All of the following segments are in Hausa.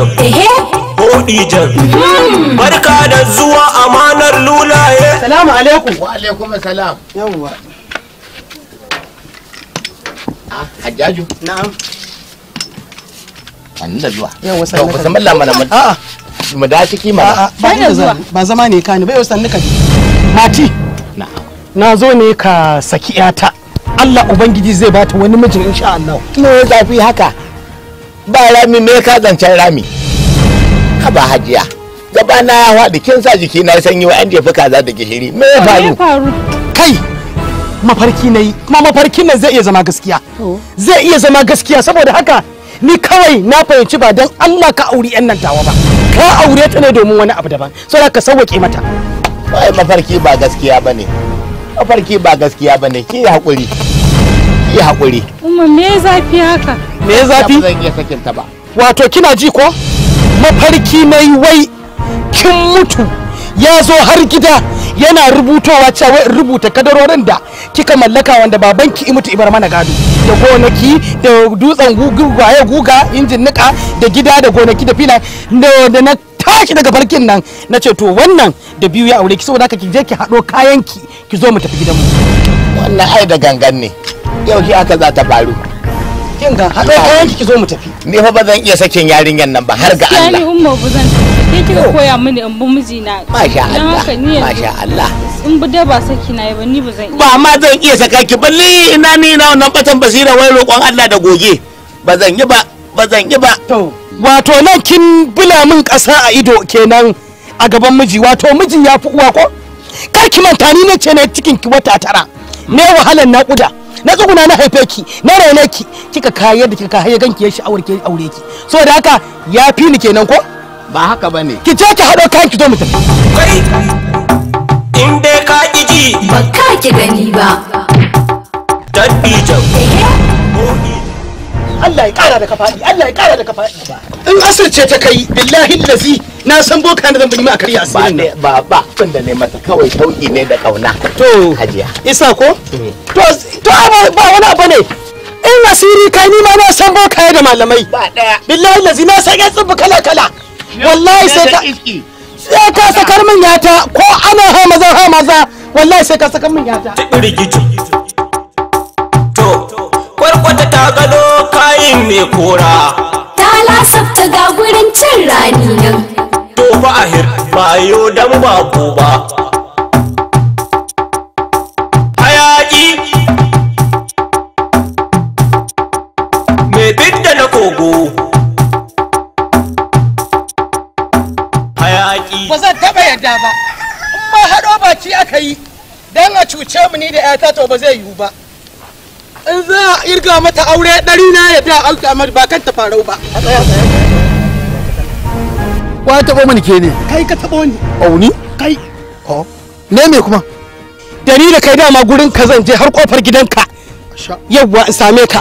Khadijan Khadijan hmm. barka da zuwa amanar lulaye Salamu alaikum wa alaikum salam yawwa ah, Hajjaju na'am Annin da zuwa yawwa sallallahu alaihi wasallam mana mun a'a mu da ciki ma ba da zuwa ba zama ne ka ne bai wasan nika Mati na'am na zo ne ka saki yata Allah Ubangiji zai bata wani mijin insha Allah. Me ya zafi haka? ba rami me ka zancen rami haba hajiya gaba na ya haɗu kin sa jiki na sanyi wa an fuka kaza da gishiri me ya faru kai mafarki na yi kuma mafarkin nan zai iya zama gaskiya zai iya zama gaskiya saboda haka ni kawai na fahimci ba don Allah ka auri yan nan tawa ba ka aure ta ne domin wani abu daban saboda ka sauke mata bai mafarki ba gaskiya bane mafarki ba gaskiya bane ki hakuri ki hakuri umma me zafi haka me ya zafi ta ba wato kina ji ko mafarki mai wai kin mutu ya zo har gida yana rubutowa cewa in rubuta kadarorin da kika mallaka wanda babanki ki mutu ibar mana gado da gonaki da dutsen ya guga injin nika da gida da gonaki da fina da na tashi daga farkin nan na ce to wannan da biyu ya aure ki saboda haka ki je ki haɗo kayan ki ki zo mu tafi gidanmu wannan ai da gangan ne yau ki aka za ta faru kin ga haɗo kayan ki zo mu tafi ni fa ba zan iya sakin yarinyar nan ba har ga Allah ni umma ba zan ke kika koya mini in bi mijina masha Allah masha Allah in bi dai ba saki na ba ni ba zan ba ma zan iya saka ki balle ina ni ina wannan batan basira wai roƙon Allah da goge ba zan yi ba ba zan yi ba to wato nan kin bula min ƙasa a ido kenan a gaban miji wato miji ya fi uwa ko kar ki manta ni ne ce ne cikin ki wata tara me wahalar naƙuda na tsuguna na haife ki na raine ki kika kayar da kika kayar ganki ya sha'awar ki aure ki saboda haka ya fi ni kenan ko ba haka bane ki je ki hado kan ki zo mu tafi kai in dai ka ki ji ba ka ki gani ba dabbi jabo Allah ya kara da ka Allah ya kara da ka in asirce ta kai billahi lazi na san boka da zan yi ma karya asirin nan ba ba abin da ne mata kawai tauki ne da kauna to hajiya isa ko mm. to to ba wani abu ne in asiri kai ni ma na san boka da malamai ba daya billahi lazi na san tsubu kala kala wallahi sai ka sai ka sakar min yata ko ana ha maza ha maza wallahi sai ka sakar min yata rigiji to kwarkwata ta gado kayin ne kora ta lasafta ga gurin cin rani nan fa'ahir bayo dan bako ba hayaki mai bidda na kogo hayaki ba zan taɓa yadda ba in ma haɗo baki aka yi don a cuce mu ni da 'yata to ba zai yiwu ba in za a irga mata aure ɗari na yadda alƙamar ba kan ta farau ba Wa ya taɓo mani ke ne? Kai ka taɓo ni. Au ni? Kai. Oh. Ne me kuma? Da ni da kai dama gurin ka zan je har kofar gidanka. Yawwa in same ka.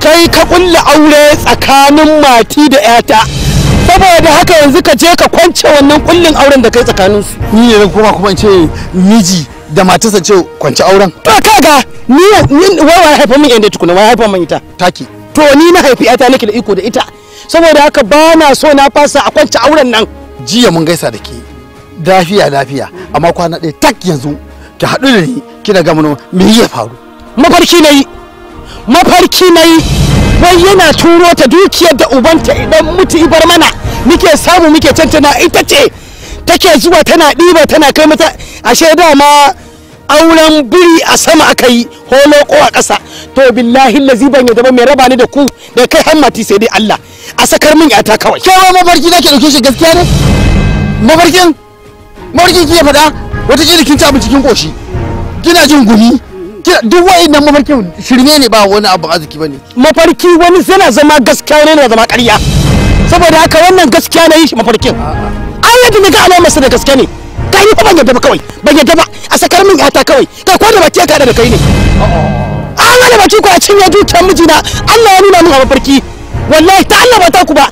Kai ka kulla aure tsakanin mati da 'yata. saboda haka yanzu ka je ka kwance wannan kullin auren da kai tsakanin su ni ne kuma kuma ce miji da matarsa ce kwance auren to kaga ni ni wai wai haifa min yanda tukuna wai haifa min ita taki to ni mahaifi ta nake da iko da ita saboda haka ba na so na fasa a kwanci auren nan jiya mun gaisa da ke lafiya lafiya amma kwana ɗaya tak yanzu ki haɗu da ni kina ga mun me ya faru mafarki nayi mafarki nayi wai yana turo ta dukiyar da ubanta idan mutu ibar mana muke samu muke cancana ita ce take zuwa tana ɗiba tana kai mata ashe dama auren biri a sama aka yi ko a ƙasa to billahi lazi ban yadda ba mai raba ni da ku da kai hammati sai dai Allah a sakar min yata kawai kai wai mafarki nake dauke shi gaskiya ne mabarkin mabarkin ki ya faɗa wata kila kin ci abinci cikin koshi kina jin gumi duk wa'annan mabarkin shirme ne ba wani abu arziki bane mafarki wani zana zama gaskiya ne na zama ƙarya saboda haka wannan gaskiya na yi shi mafarkin an yadda na ga alamarsa da gaskiya ne kai ni ban yadda ba kawai ban yadda ba a sakar min yata kawai kai ko da ba ka da kai ne mana baki ko a cinye miji mijina Allah ya nuna mu a mafarki wallahi ta Allah ba ta ku ba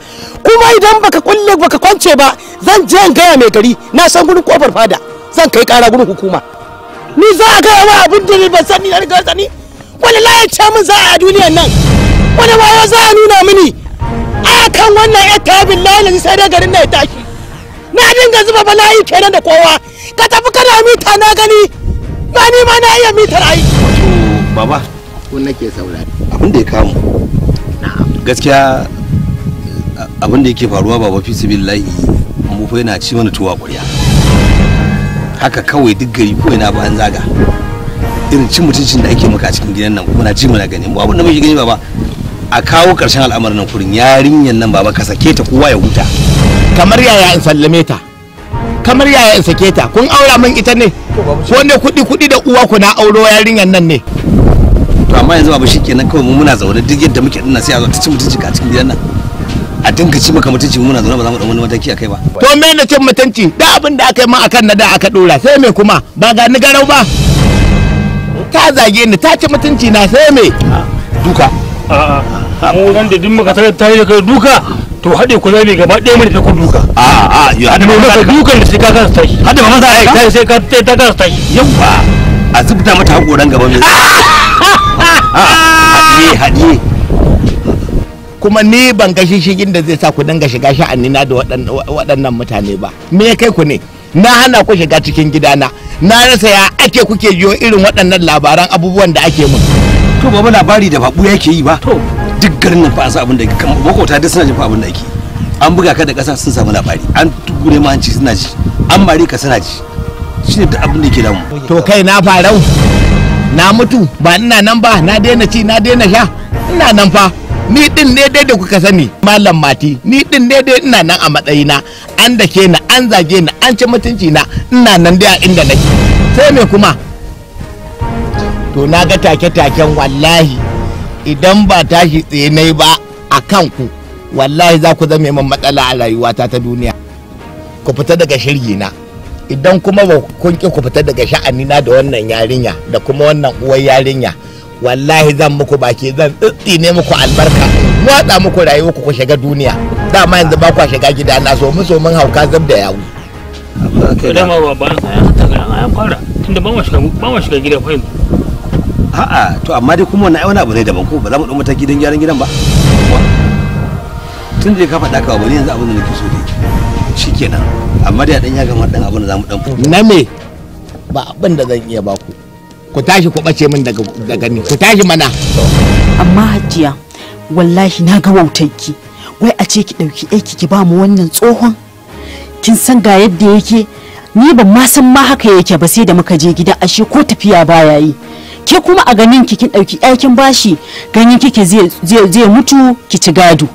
kuma idan baka kulle baka kwance ba zan je in gaya mai gari na san gurin kofar fada zan kai kara gurin hukuma ni za a gaya wa abin da ba sani ni ga sani wani ce min za a duniyar nan wani wayo za a nuna mini a kan wannan ya ta billahi sai dai garin na ya tashi na dinga zuba bala'i kenan da kowa ka tafi kana mita na gani ba ni ma na iya mitar ai baba ku nake saurari abin da ya kamu gaskiya abin da yake faruwa baba fi sibillahi mu fa yana ci mana tuwa ƙwarya haka kawai duk gari ko ina bayan an zaga irin cin mutuncin da ake maka a cikin gidan nan kuma na ji mana gani mu abin da muke gani baba a kawo ƙarshen al'amarin nan kurin yarinyan nan baba ka sake ta kowa ya huta kamar yaya in sallame ta kamar yaya in sake ta kun aura min ita ne ko ne kuɗi kuɗi da uwa ku na auro yarinyan nan ne to amma yanzu babu shi kenan kawai mu muna zaune duk yadda muke dinnan sai a zo ta ci mutunci a cikin gidan nan a dinka ci maka mutunci muna zaune ba za mu dan wani mataki kai ba to me ne cin mutunci da abin da aka yi ma akan na da aka dora sai me kuma ba ga ni garau ba ta zage ni ta ci mutunci na sai me duka mu ran da duk muka tare ta yi daga duka to haɗe ku ne gaba ɗaya mai ta ku duka a a yo hada mai maka dukan da shi ka kasa tashi hada ba maza yi sai ka ta kasa tashi yawa a zubta mata hakoran gaba mai haɗiye haɗiye kuma ni ban ga shishigin da zai sa ku dinga shiga sha'anina da waɗannan mutane ba me kai ku ne na hana ku shiga cikin gidana na rasa ya ake kuke jiyo irin waɗannan labaran abubuwan da ake mun to baba labari da babu yake yi ba to duk garin nan fa sa abin da yake kan makota duk suna jin fa abin da yake an buga ka da ƙasa sun samu labari an gure ma hanci suna ji an mare ka suna ji shine duk abin da yake damu to kai na farau na mutu ba ina nan ba na daina ci na daina sha ina nan fa ni din ne dai da kuka sani malam mati ni din ne dai ina nan a matsayina an da ke na an zage na an ci mutunci na ina nan dai a inda nake sai me kuma to na ga take-taken wallahi idan ba tashi tsaye nai ba a kanku wallahi za ku zama min matsala a rayuwata ta duniya ku fita daga shirgi na idan kuma ba kun ki ku fita daga sha'ani na da wannan yarinya da kuma wannan uwar yarinya wallahi zan muku baki zan ne muku albarka watsa muku rayuwa ku shiga duniya dama yanzu ba ku shiga gida na so mu so mun hauka zab da yawu da ma ba ba an fara tunda ba mu shiga ba mu shiga gida ko yanzu a'a to amma dai kuma wannan ai wani abu ne daban ko ba za mu dauka gidan gyaran gidan ba tun da ka faɗa ka ba ne yanzu abin da nake so dai shikenan amma da dan ya gama dan abin da zamu dan na me ba abin da zan iya baku ku tashi ku bace min daga daga ni ku tashi mana amma hajiya wallahi na ga wautanki wai a ce ki dauki aiki ki ba mu wannan tsohon kin san ga yadda yake ni ban ma san ma haka yake ba sai da muka je gida ashe ko tafiya baya yi ke kuma a ganin ki kin dauki aikin bashi ganin kike zai zai mutu ki ci gado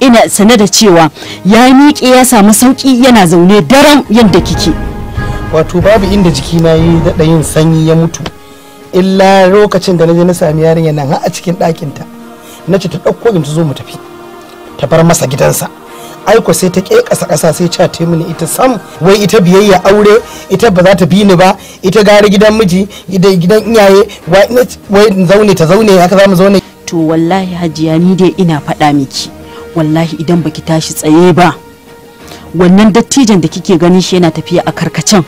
ina sane da cewa ya miƙe ya samu sauƙi yana zaune daren yadda kike wato babu inda jikina yi daɗa yin sanyi ya mutu illa lokacin da na je na sami yarinya nan har a cikin ɗakin ta nace ta ɗauko in zo mu tafi ta bar masa gidansa aiko sai ta kekasa ƙasa sai ca ta mini ita sam wai ita biyayya aure ita ba za ta bi ni ba ita gari gidan miji gidan iyaye wai zaune ta zaune haka za mu zaune to wallahi hajiya ni dai ina faɗa miki wallahi idan baki tashi tsaye ba wannan dattijan da kike gani shi yana tafiya a karkacin?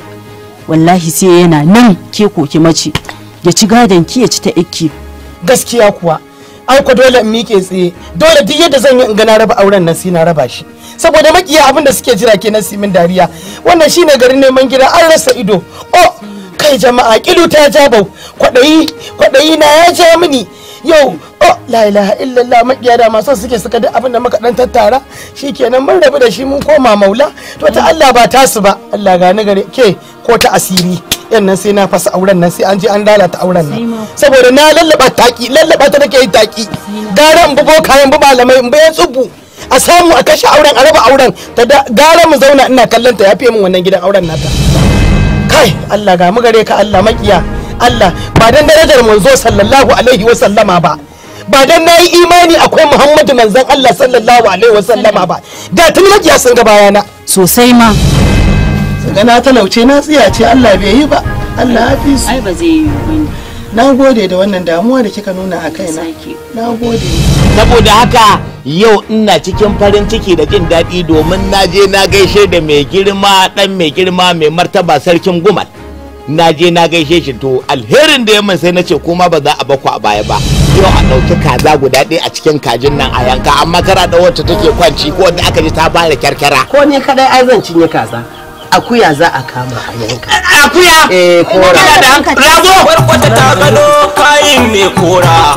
wallahi sai yana nan ke koki mace ya ci gadon ki ya ci ta ikki gaskiya kuwa ai ko dole in mike tsaye dole duk yadda zan yi in ga na raba auren nan sai na raba shi saboda makiya abin da suke jira kenan su min dariya wannan shine garin neman gida an rasa ido oh kai jama'a kilu ta jabau kwadayi kwaɗayi na ya ja mini yau oh la ilaha illallah makiya da masu suke suka da abin da muka dan tattara shikenan mun rabu da shi mun koma maula to ta Allah ba ta su ba Allah gani gare ke ko ta asiri yan nan sai na fasa auren nan sai an je an lalata auren nan saboda na lallaba taki lallaba ta nake yi taki gara in bugo kayan bu malamai in bayan tsubu a samu a kashe auren a raba auren ta gara mu zauna ina kallon ta yafe min wannan gidan auren nata kai Allah ga mu gare ka Allah makiya Allah ba dan darajar manzo sallallahu alaihi wa sallama ba ba dan nayi imani akwai Muhammadu manzon Allah sallallahu alaihi wa sallama ba da tun makiya sun ga bayana sosai ma ga na talauce na tsiya ce Allah bai yi ba Allah hafiz ai ba zai yi na gode da wannan damuwa da kika nuna a kaina na gode saboda haka yau ina cikin farin ciki da jin daɗi domin na je na gaishe da mai girma ɗan mai girma mai martaba sarkin gumal na je na gaishe shi to alherin da yamma sai na ce kuma ba za a baku a baya ba yau a ɗauki kaza guda ɗaya a cikin kajin nan a yanka amma kara da wacce take kwanci ko wanda aka ji ta bada kyarkyara ko ne kadai ai zan cinye kaza akuya za a kama a yanka akuya eh kora da rago barkwata ta gado kayin ne kora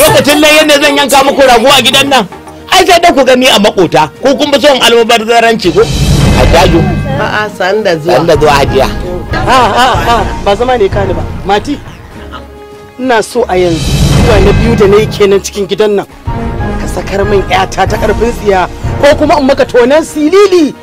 lokacin nan yadda zan yanka muku rago a gidan nan ai sai da ku gani a makota ko kun bi son almubazzaranci ko a daju a'a sanda zuwa sanda zuwa hajiya Ah, ah, ah, ba zama ne kani ba mati ina so a yanzu zuwa na biyu da nayi kenan cikin gidan nan ka sakar min yata ta karfin tsiya ko kuma in maka tonan silili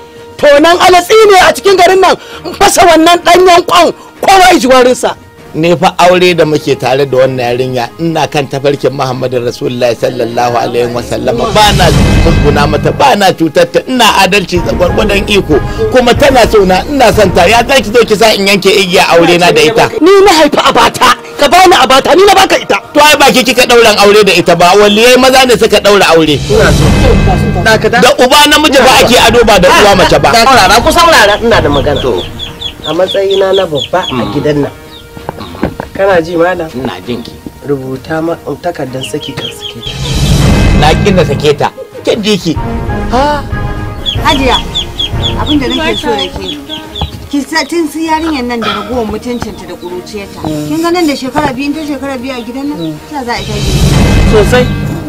tonan alatsi ne a cikin garin nan in fasa wannan danyen kwan kowa ya ji warinsa ne fa aure da muke tare da wannan yarinya ina kan tafarkin muhammadu rasulullahi sallallahu alaihi wa sallama. ba na kunkuna mata ba na cutar ta ina adalci gwargwadon iko kuma tana so na ina son ta ya zaki zo ki sa in yanke igiya aure na da ita ni na haifa abata ka bani abata ni na baka ita to ai baki kika dauran aure da ita ba waliyai maza ne suka daura aure da uba namiji ba ake ado ba da uwa mace ba ku saurara ina da magana a matsayina na babba a hmm. gidan nan kana ji malam ina jin ki rubuta ma um, takardar saki kan sake ta na kin da sake ta kin ji ki ha hajiya abin da nake so da ke ki tun su yarinyar nan da ragowar mutuncinta da kuruciyarta mm. kin ga nan da shekara biyu ta shekara biyu a gidan nan mm. ta za a ta sosai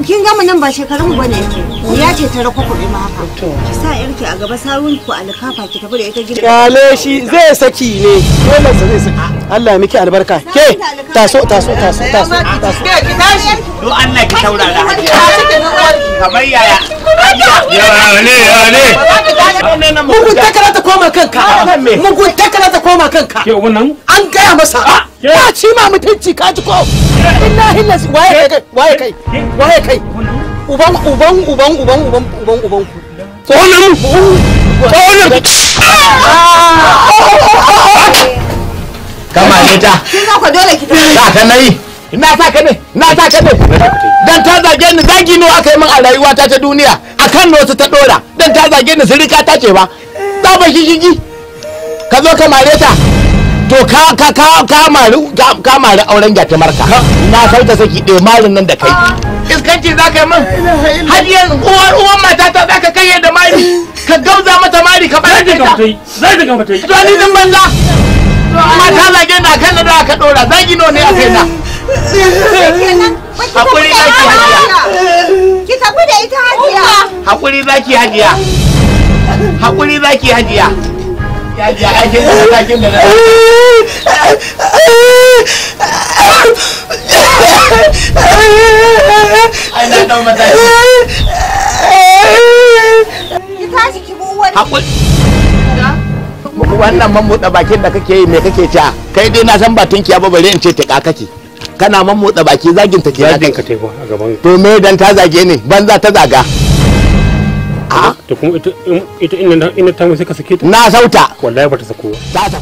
kin gama nan ba shekarun ba ne mm. ya ce ta rako kuɗi ma haka ki sa yarki a gaba sarun ku alkafa ki tafi da ita gidan kale shi zai saki ne dole zai saki Allah ya miki albarka ke taso taso taso taso taso ke ki tashi do Allah ki taurara kamar yaya ya ne ya ne mugun takara ta koma kanka an gaya masa ba ci ma mutunci ka ji wuta kina ku dole ki tafi da ka ne na ta ka ne dan ta zage ni zagi no aka yi min a rayuwa ta ta duniya akan no ta dora dan ta zage ni sirika ta ce ba ta ba shi shishigi ka zo ka mare ta to ka ka ka ka mari ka mari auren gyatumarka na kai ta saki ɗaya eh, marin nan da kai iskanci za ka yi min har yanzu uwar uwar mata ta za ka kai yadda ta yi zagi ta yi to ni banza mata zage na kan da aka dora zagi no ne a kai na hakuri zaki hajiya ki tafi da ita hajiya hakuri zaki hajiya hakuri zaki hajiya da da na wannan mamotsa bakin da kake yi mai kake ci kai dai na san batun tunkiya ba bare in ce ta ka kake kana mamotsa baki zagin ta ke zagin ka taifa a gaban to me dan ta zage ne banza ta zaga a to kuma ita ita ina ta mu sai ka sake ta na sauta wallahi ba ta sako ta